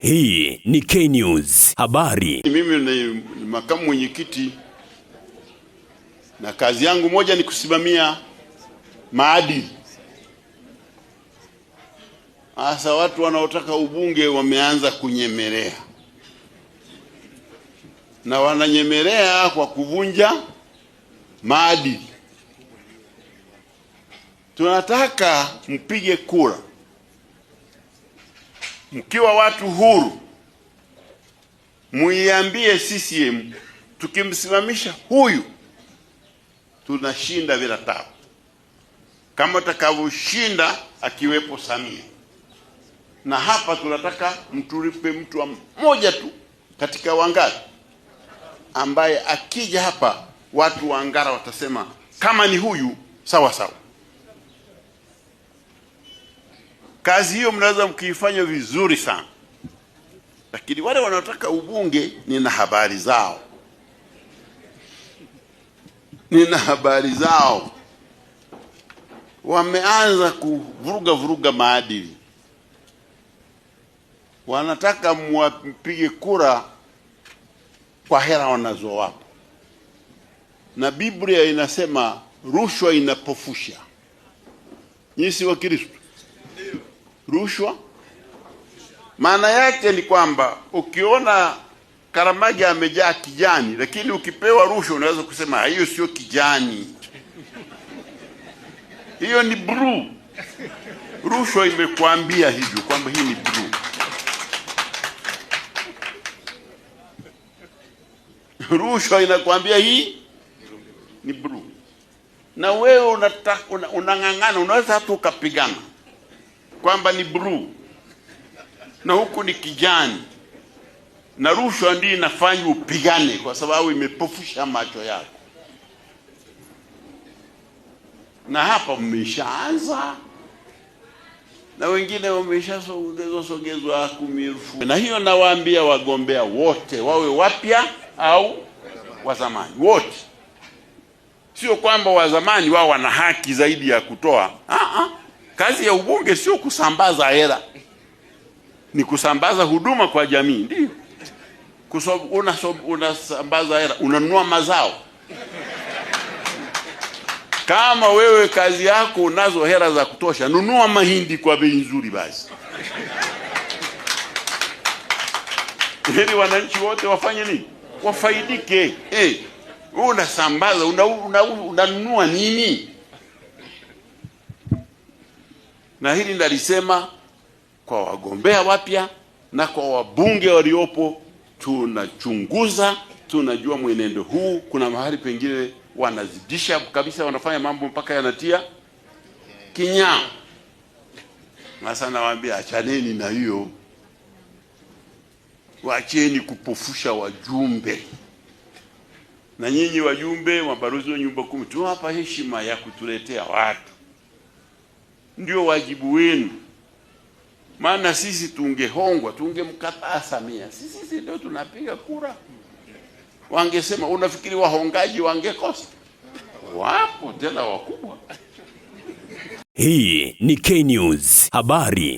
Hii ni K-News habari. Mimi ni makamu mwenyekiti na kazi yangu moja ni kusimamia maadili. Hasa watu wanaotaka ubunge wameanza kunyemelea na wananyemelea kwa kuvunja maadili. Tunataka mpige kura mkiwa watu huru, muiambie CCM, tukimsimamisha huyu tunashinda bila tabu, kama utakavyoshinda akiwepo Samia. Na hapa tunataka mtulipe mtu mmoja tu katika Wangara ambaye akija hapa watu wa Ngara watasema kama ni huyu sawa sawa. Kazi hiyo mnaweza mkiifanya vizuri sana, lakini wale wanaotaka ubunge, nina habari zao, nina habari zao. Wameanza kuvuruga vuruga maadili, wanataka mwapige kura kwa hela wanazowapa, na Biblia inasema rushwa inapofusha. Nyinyi si Kristo? rushwa. Maana yake ni kwamba ukiona Karamaja amejaa kijani, lakini ukipewa rushwa unaweza kusema ah, hiyo sio kijani, hiyo ni bluu. Rushwa imekwambia hivyo kwamba hii ni bluu. Rushwa inakwambia hii ni bluu, na wewe unang'ang'ana, una unaweza hata ukapigana kwamba ni bluu na huku ni kijani, na rushwa ndio inafanya upigane, kwa sababu imepofusha macho yako, na hapa mmeshaanza na wengine wameshasogezwa sogezwa kumi elfu. Na hiyo nawaambia wagombea wote wawe wapya au wazamani, wote. Sio kwamba wazamani wao wana haki zaidi ya kutoa. -ah. ah. Kazi ya ubunge sio kusambaza hela, ni kusambaza huduma kwa jamii. Ndio unasambaza hela, unanunua mazao. Kama wewe kazi yako unazo hela za kutosha, nunua mahindi kwa bei nzuri basi, ili wananchi wote wafanye nini? Wafaidike. Hey, eh, unasambaza, unanunua una, una nini na hili nalisema kwa wagombea wapya na kwa wabunge waliopo, tunachunguza, tunajua mwenendo huu, kuna mahali pengine wanazidisha kabisa, wanafanya mambo mpaka yanatia kinyaa. Sasa nawaambia achaneni na hiyo, wacheni kupofusha wajumbe. Na nyinyi wajumbe, mabalozi wa nyumba kumi, tunawapa heshima ya kutuletea watu ndio wajibu wenu, maana sisi tungehongwa, tungemkataa Samia. Sisi sisi ndio tunapiga kura. Wangesema unafikiri wahongaji wangekosa? Wapo tena wakubwa. Hii ni K News habari.